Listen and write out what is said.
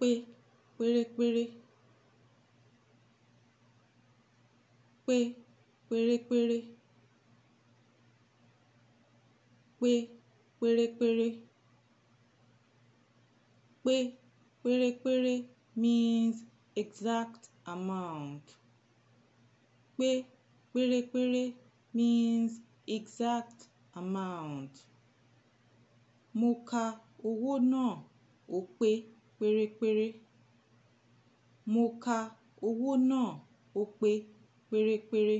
pé pérépéré pé pérépéré pé pérépéré pé pérépéré means exact amount pé pérépéré means exact amount mo ka owó náà ó pé pérépéré. Mo ka owó náà ó pé pérépéré.